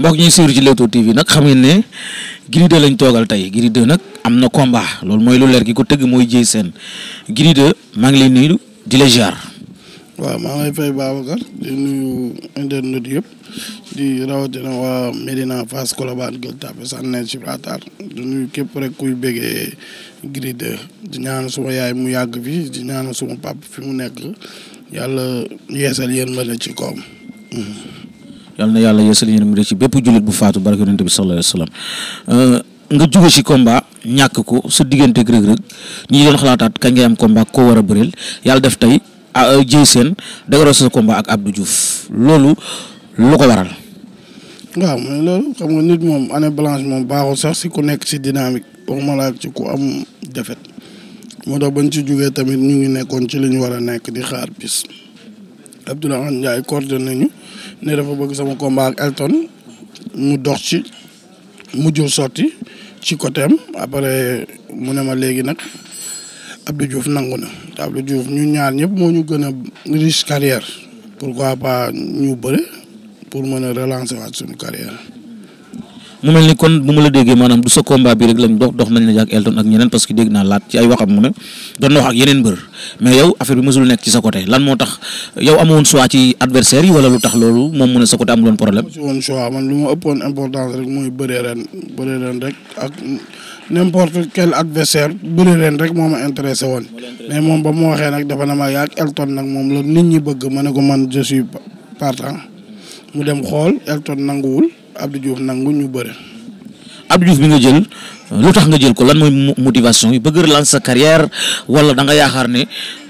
mbokk ñuy suur ci Leewtoo TV nag xam ngeen ne Gris 2 lañ toogal tey Gris 2 nag am na combat loolu mooy lu leer gi ko tëgg mooy jëy seen Gris 2 maa di la ziar. waaw maa ngi lay fay Babacar di nuyu internet yëpp di rawatina waa Medina Fass Colobane Gueule Tapée Sànne ci Atar di nuyu képp rek kuy bëggee Gris di ñaan suma yaay mu yàgg fi di ñaan suma pap fi mu nekk yàlla yeesal yéen ma la ci koom. yal na yàlla yeesal yéen mu ci bépp jullit bu faatu barke yonent bi sallallahu alayhi wasallam euh, nga jóge ci combat ñàkk ko sa diggante Reug Reug ñi doon xalaataat kañ ngay am combat war a bëreel yàlla def tey jëy ah, euh, seen dagaroo sa combat ak Abdou Diouf loolu lu ko waral. waaw mais xam nga nit moom année blanche moom baaxul sax si ku nekk si dynamique waxuma la ci ku am defet moo tax bañ ci jógee tamit ñu ngi nekkoon ci lañu war a nekk di xaar bis Abdoulaye Ndiaye coordonné nañu ne dafa bëgg sama combat ak Elton mu dox ci mujjul sotti ci côté am après mu ne ma léegi nag Abdou Diouf nangu na te Abdou ñu ñaar ñëpp moo ñu gën a riche carrière pourquoi pas ñu bëre pour mën a relancer waat suñu carrière mu mel ni kon bu ma la déggee maanaam du sa combat bi rek lañ dox dox nañ la yàgg Elton ak ñeneen parce que dégg naa laat ci ay waxam mu ne doon na wax ak yeneen mbër mais yow affaire bi mësul nekk ci sa lan moo tax yow amoon choix adversaire yi wala lu tax loolu moom mu ne sa côté amuloon problème. ci woon choix man lu ma ëppoon importance rek mooy bëree ren bëree ren rek ak n'importe quel adversaire rek moo ma intéressé woon mais moom ba mu waxee nag dafa na ma yàgg Elton nag moom la nit ñi bëgg ma ne ko man je suis partant mu dem xool Elton nanguwul. Abdou Diouf nangu ñu bëre. Abdou Diouf bi nga jël lu tax nga jël ko lan mooy motivation yi bëgg relancer sa carrière wala danga nga yaakaar ne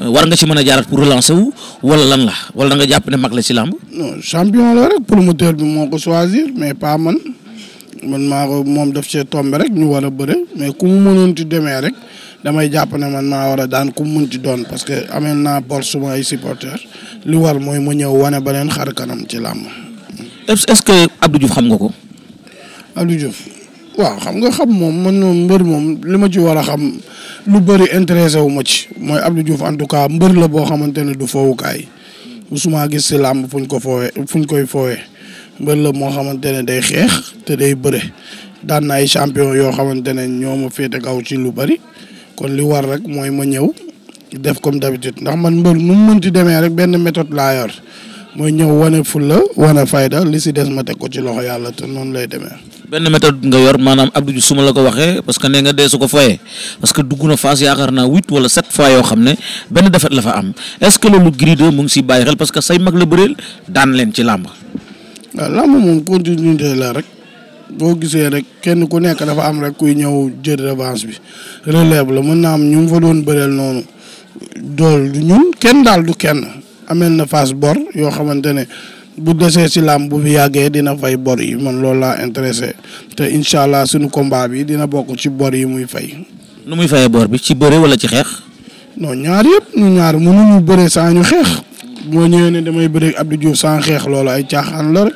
euh, war nga ci mën a jaarat pour relancer wu wala lan la wala da nga jàpp ne mag la ci làmb. non champion la rek promoteur bi moo ko choisir mais pas man man maa ko moom daf cee tombé rek ñu war a bëre mais ku mu ci demee rek damay jàpp ne man maa war a daan ku mu ci doon parce que amee naa bor suma ay supporters li war mooy mu ñëw wane beneen xar kanam ci làmb. est-ce que Abdou Diouf xam nga ko. Abdou waaw xam nga xam moom man moom mbër moom li ma ci war a xam lu bëri intéressé wu ma ci mooy Abdou Diouf en tout cas mbër la boo xamante ne du foowukaay musuma gis si làmb fuñ ko foowee fuñ koy foowee mbër moo xamante ne day xeex te day bëre daan na ay champion yoo xamante ne ñoo ma féete kaw ci lu bëri kon li war rek mooy ma ñëw def comme d'habitude ndax man mbër nu mu mënti demee rek benn méthode laa yor. mooy ñëw wane fulla wane fayda li si des ma teg ko ci loxo yàlla te noonu lay demee. benn méthode nga yor maanaam Abdou Diouf su la ko waxee parce que nee nga dee su ko foyee parce que dugg na Fass yaakaar naa huit wala sept fois yoo xam ne benn défaite la fa am est que loolu Gris 2 mu ngi siy bàyyi xel parce que say mag la bëreel daan leen ci làmb. waaw làmb moom continuité la rek boo gisee rek kenn ku nekk dafa am rek kuy ñëw jël revanche bi relève la mën naa am ñu ngi fa doon bëreel noonu dool du ñun kenn daal du ameel na Fass bor yoo xamante ne bu desee si làmb bu fi yàggee dina fay bor yi man loolu laa intéressé te incha allah suñu combat bi dina bokk ci bor yi muy fay. nu muy fayee bor bi ci bëre wala ci xeex. non ñaar yëpp ñu ñaar mënuñu bëre saa ñu xeex. moo ñëwee ne damay bëre Abdou Diouf sans xeex loolu ay caaxaan la rek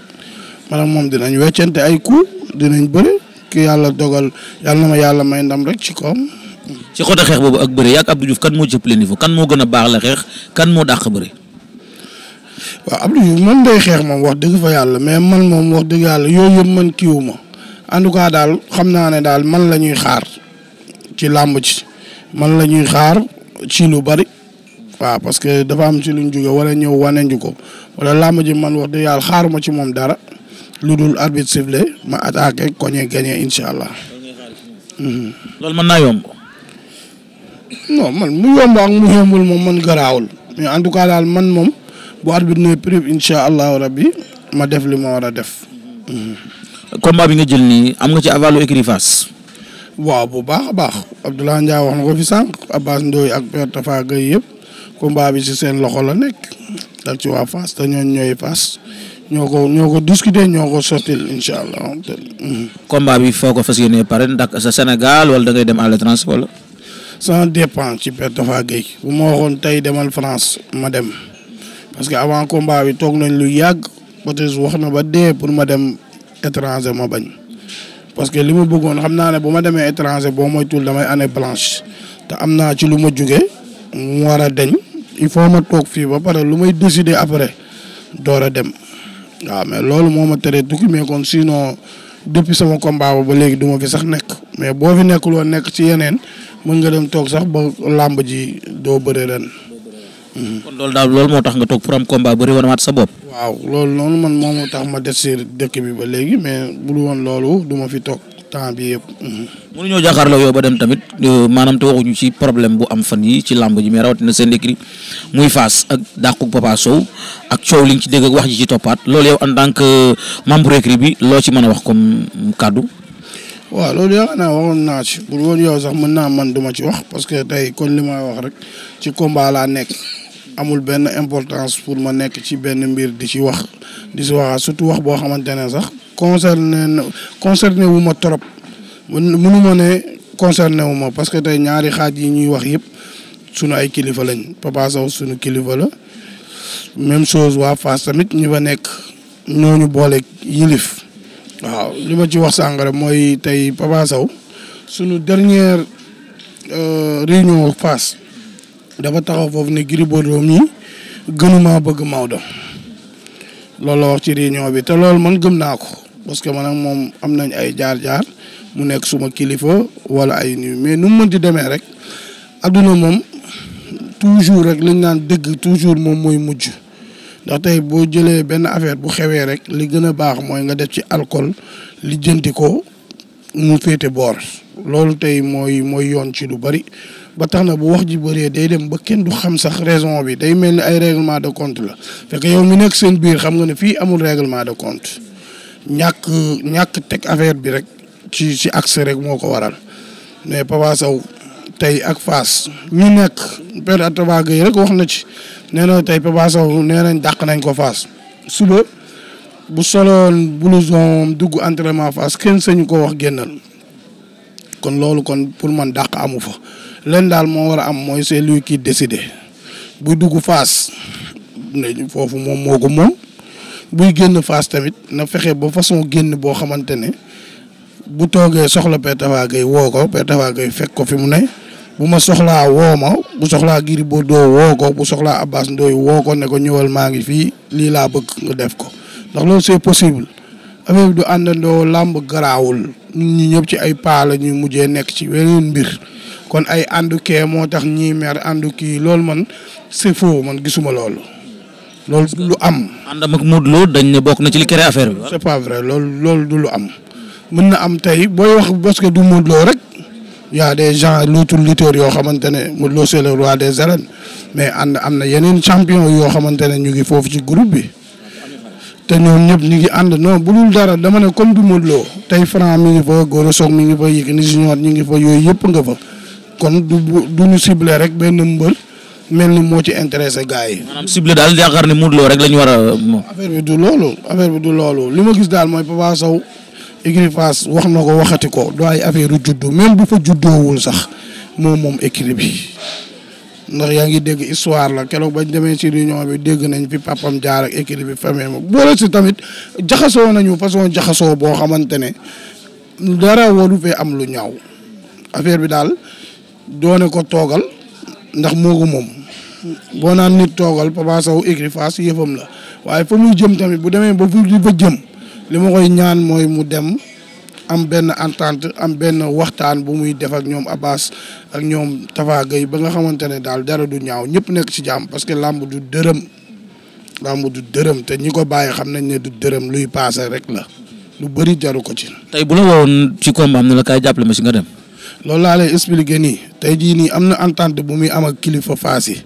maanaam moom dinañ weccante ay coups dinañ bëre ki yàlla dogal yàlla na ma yàlla may ndam rek ci koom. ci côté xeex boobu ak bëre yaa ak Abdou Diouf kan moo ci ëpp niveau kan moo gën a baax la xeex kan moo dàq bëre. waaw Abdou Diouf moom day xeex moom wax dëgg fa yàlla mais man moom wax dëgg yàlla yooyu yëpp man kiiwu ma en tout cas daal xam naa ne daal man la ñuy xaar ci làmb ci man la ñuy xaar ci lu bari waaw parce que dafa am ci luñ jóge wala ñëw wane ñu ko wala làmb ji man wax dëgg yàlla xaaruma ci moom dara lu dul arbitre sifflé ma attaqué koñe gagné incha allah. Hmm. loolu mën naa yomb. mu yomb ak mu yombul moom man garaawul mais en daal man moom. bu bi ne prive incha allahu rabbi ma def li ma war a def. Mm-hmm. combat bi nga jël nii am nga ci avalu écurie waaw bu baax a baax Abdoulaye Ndiaye wax na ko fi sànq Abbas Ndoye ak Père Tafa Gueye yëpp combat bi si seen loxo la nekk ak ci waa Fass te ñooñ ñooy Fass ñoo ko ñoo ko discuter ñoo ko sottil incha allah. Mm-hmm. combat bi foo ko fas yéenee pare ndax sa Sénégal wala da dem à l'étranger wala. ça dépend ci Père Tafa Gueye bu ma waxoon tey demal France ma dem. parce que avant combat bi toog nañ lu yàgg Batiste wax na ba dee pour ma dem étranger ma bañ parce que li ma bëggoon xam naa ne bu ma demee étranger boo moytul damay année blanche te am naa ci lu ma jóge mu war a deñ il faut ma toog fii ba pare lu may décider après door a dem waaw mais loolu moo ma teree tukki mais kon sinon depuis sama combat ba léegi du ma fi sax nekk mais boo fi nekkul woon nekk ci yeneen mën nga dem toog sax ba làmb ji doo bëre ren. kon loolu daal loolu moo tax nga toog pour am combat bëri wanawaat sa bopp. waaw loolu noonu man moo tax ma des dëkk bi ba léegi mais bu dul woon loolu du ma fi toog temps bi yëpp. mënuñoo jàkkaarloo yow ba dem tamit euh, maanaam te bu am fan yi ci làmb ji mais rawatina seen écrit muy Fass ak dàqu Papa Sow ak coow li ci dégg wax ji ci toppaat loolu yow en tant que euh, membre écrit bi loo ci man a wax comme kàddu. waaw loolu yaakaar naa waxoon naa ci bu woon yow sax mën naa man duma ci wax parce que tey kon li may wax rek ci combat laa nekk. amul benn importance pour ma nekk ci benn mbir di ci wax di si waxaat surtout wax boo xamante ne sax concerné concerné wu ma trop mënu ma ne concerné wu ma parce que tey ñaari xaaj yi ñuy wax yëpp sunu ay kilifa lañ Papa Sow sunu kilifa la même chose waa Fass tamit ñu fa nekk ñooñu boole yilif waaw li ma ci wax sàngara mooy tey Papa Sow sunu dernière euh, réunion Fass dafa taxaw foofu ne Gris Bordeaux mii gënumaa bëgg Maodo loolu wax ci réunion bi te loolu man gëm naa ko parce que man ak moom am nañ ay jaar-jaar mu nekk suma kilifa wala ay nuyu mais nu mu mën di demee rek adduna moom toujours rek lañ naan dëgg toujours moom mooy mujj ndax tey boo jëlee benn affaire bu xewee rek li gën a baax mooy nga def ci li lijjanti ko mu féete boor loolu tey mooy mooy yoon ci lu bari ba tax na bu wax ji bëree day dem ba kenn du xam sax raison bi day mel ni ay règlement de compte la fekk yow mu nekk seen biir xam nga ne fii amul réglement de compte ñàkk ñàkk teg affaire bi rek ci ci accès rek moo ko waral mais Papa tey ak Fass ñu nekk Père Ataba yi rek wax na ci nee na tey Papa Sow nee nañ dàq nañ ko Fass suba bu soloon blouson dugg entraînement Fass kenn sañu ko wax génnal kon loolu kon pour man dàq amu fa leen daal moo war a am mooy c'est lui qui décide buy dugg Fass foofu moom moo ko moom buy génn Fass tamit na fexe ba façon génn boo xamante ne bu toogee soxla Père Tapha Gueye woo ko Père Tapha Gueye fekk ko fi mu ne bu ma soxlaa woo ma bu soxlaa Gris Bordeaux woo ko bu soxlaa Abbas Ndoye woo ko ne ko ñëwal maa ngi fii lii laa bëgg nga def ko ndax loolu c'est possible affaire bi du àndandoo làmb garaawul ñun ñi ñëpp ci ay paa la ñuy mujjee nekk ci weneen mbir kon ay àndu kee moo tax ñii mer àndu kii loolu man c'est faux man gisuma loolu. loolu lu am. ànd ak Modou Lo dañ ne bokk na ci li créé affaire bi. c'est pas vrai loolu lu am. mën na am tey booy wax parce que du mut loo rek y a des gens luutul yoo xamante ne Modou Lo c'est le roi des arènes mais ànd am na yeneen champion yoo xamante ne ñu ngi foofu ci groupe bi te ñoom ñëpp ñu ngi ànd non bu dul dara dama ne comme du Modou Lo tey Franc mi ngi fa Gora Sock mi ngi fa Yékini Junior ñu ngi fa yooyu yëpp nga fa. kon du du ñu sible rek benn mbër mel ni moo ci intéressé gars yi. maanaam ciblé daal yaakaar ne Modou Lo rek lañu war a. affaire bi du loolu affaire bi du loolu li ma gis daal mooy Papa Sow écurie Fass wax na ko waxati ko do affaire yu juddu même bu fa juddoowul sax moom moom écurie bi ndax yaa ngi dégg histoire la keroog bañ demee ci bi dégg nañ fi papam jaar ak bi famille ma boole si tamit jaxasoo nañu façon jaxasoo boo xamante ne dara waru fee am lu ñaaw affaire bi daal. doone ko toogal ndax moogu moom boo naan nit toogal Papa Sow yëfam la waaye fa muy jëm tamit bu demee ba fu li fa jëm li ma koy ñaan mooy mu dem am benn entente am benn waxtaan bu muy def ak ñoom Abbas ak ñoom Tafa Gueye ba nga xamante ne daal dara du ñaaw ñëpp nekk ci jàmm parce que làmb du dërëm làmb du dërëm te ñi ko bàyyi xam nañ ne du dërëm luy paase rek la lu bëri jaru ko ci. tey bu la woon ci combat am ne la kaay jàppale ma si nga dem. loolu laa lay expliquer nii tey jii nii am na entente bu muy am ak kilifa Fass yi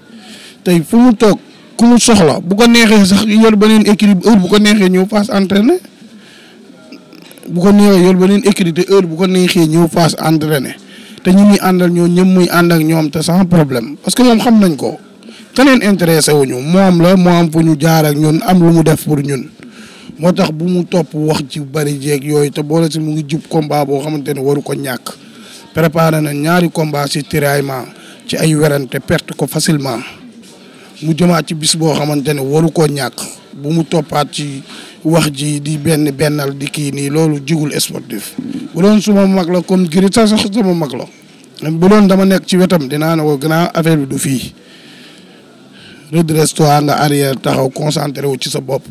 tey fu mu toog ku mu soxla bu ko neexee sax yor beneen écrit heure bu ko neexee ñëw Fass entraîné bu ko neexee yor beneen écrit te heure bu ko neexee ñëw Fass entraîné te ñu muy àndal ñoo ñëpp muy ànd ak ñoom te sans problème parce que moom xam nañ ko keneen intéressé wu ñu moom la moo am fu ñu jaar ak ñun am lu mu def pour ñun moo tax bu mu topp wax ci bari jeeg yooyu te boole si mu ngi jub combat boo xamante ne waru ko ñàkk. préparé na ñaari combat ci tiraillement ci ay werante perte ko facilement mu jëmaat ci bis boo xamante ne waru koo ñàkk bu mu toppaat ci wax ji di benn bennal di kii nii loolu jigul sportif bu doon suma mag la comme giri sax sax sama mag la bu doon dama nekk ci wetam dinaa ne ko grand affaire bi du fii redresse toi nga arrière taxaw concentré wu ci sa bopp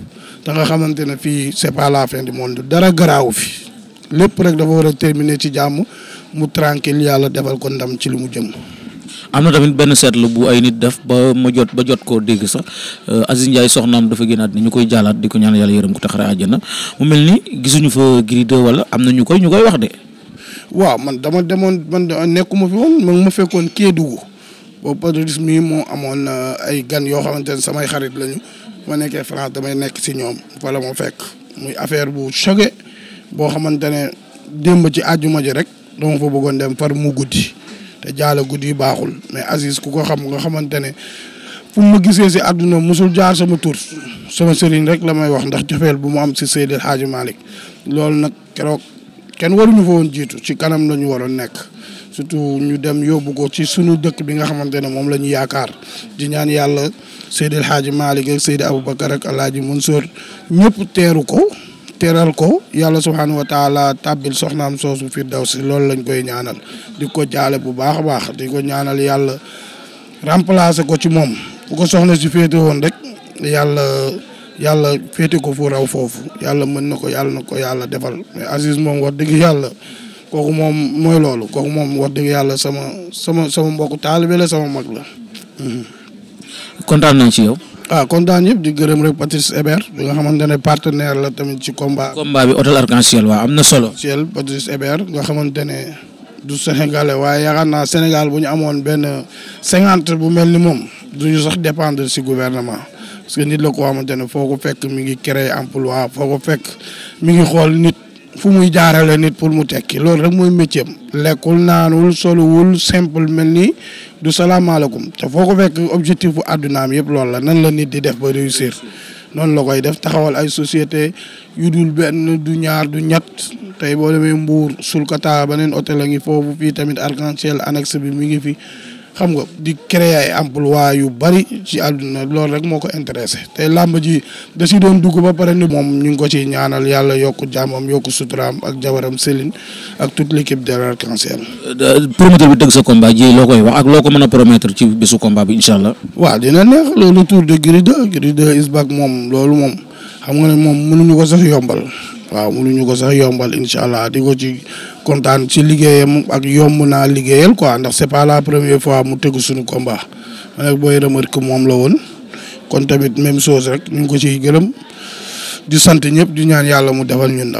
te nga xamante ne fii c'est pas la fin du monde dara garaawu fi lépp rek dafa war a terminer ci jàmm mu tranquille yàlla defal ko ndam ci lu mu jëm. am na tamit benn seetlu bu ay nit def ba ma jot ba jot koo dégg sax euh, Aziz Ndiaye soxnaam dafa génnaat ni ñu koy jaalaat di ko ñaan yàlla yërëm ko taxare àjjana mu mel ni gisuñu fa Gris wala am na ñu koy ñu koy wax de. waaw man dama demoon man nekkuma fi woon man ma fekkoon Kédougou boobu patriotisme mi moo amoon euh, ay gan yoo xamante ne samay xarit lañu ma nekkee France damay nekk si ñoom walla moo fekk muy affaire bu choqué boo xamante ne démb ci àjjuma ji rek. dama fa bëggoon dem far mu guddi te jaala guddi baaxul mais Aziz ku ko xam nga xamante ne fu ma gisee si àdduna mosul jaar sama tur sama sëriñ rek la may wax ndax jofeel bu mu am si Seydi El Hadji Malick loolu nag keroog kenn waruñu fa woon jiitu ci kanam la ñu waroon nekk surtout ñu dem yóbbu ko ci sunu dëkk bi nga xamante ne moom la ñu yaakaar di ñaan yàlla Seydi El Hadji Malick ak Seydi Aboubacar ak El Hadji Mansour ñëpp teeru ko teral ko yàlla subhaanahu wa taala tàbbil soxnaam soosu si loolu lañ koy ñaanal di ko jaale bu baax a baax di ko ñaanal yàlla remplacer ko ci moom bu ko soxna si féete woon rek yàlla yàlla féete ko fu raw foofu yàlla mën na ko yàlla na ko yàlla defal mais Aziz moom wax dëgg yàlla kooku moom mooy loolu kooku moom wax dëgg yàlla sama sama sama mbokku taalibe la sama mag la. kontaan nañ ci yow. waaw ah, kontaan yëpp di gërëm rek Patrice Hébert nga xamante ne partenaire la tamit ci combat. combat bi hôtel arc en am na solo. Ciel Patrice Hébert nga xamante ne du sénégalais waaye yaakaar naa Sénégal bu ñu amoon benn cinquante bu mel ni moom du ñu sax dépendre si gouvernement. parce que nit la ko xamante ne foo ko fekk mi ngi créer emploi foo ko fekk mu ngi xool nit fu muy jaarale nit pour mu tekki loolu rek mooy métier am lekkul naanul soluwul simple mel ni du salaamaaleykum te foo ko fekk objectif bu àddunaam yëpp loolu la nan la nit di def ba réussir noonu la koy def taxawal ay société yu dul benn du ñaar du ñett te boo demee Mbuur Sulkata beneen hôtel a ngi foofu fii tamit arc en annexe bi mi ngi fi xam nga di créer ay emploi yu bari ci àdduna loolu rek moo ko intéressé te làmb ji da si doon dugg ba pare ni moom ñu ngi ko ci ñaanal yàlla yokk jàmmam yokk suturaam ak jabaram Céline ak toute l'équipe de l'arc-en-ciel euh, euh, promoteur bi dëgg sa combat ji loo koy wax ak loo ko mën a promettre ci bésu combat bi incha allah. waaw dina neex loolu tour de Gris 2 Gris moom loolu moom xam nga ne moom mënuñu ko sax yombal waaw ñu ko sax yombal incha allah di ko ci kontaan ci liggéeyam ak yomb naa liggéeyal quoi ndax c'est pas la première fois mu tegu suñu combat man nag booy remarque moom la woon kon tamit même chose rek ñu ko ci gërëm di sant ñëpp di ñaan yàlla mu defal ñun ndam.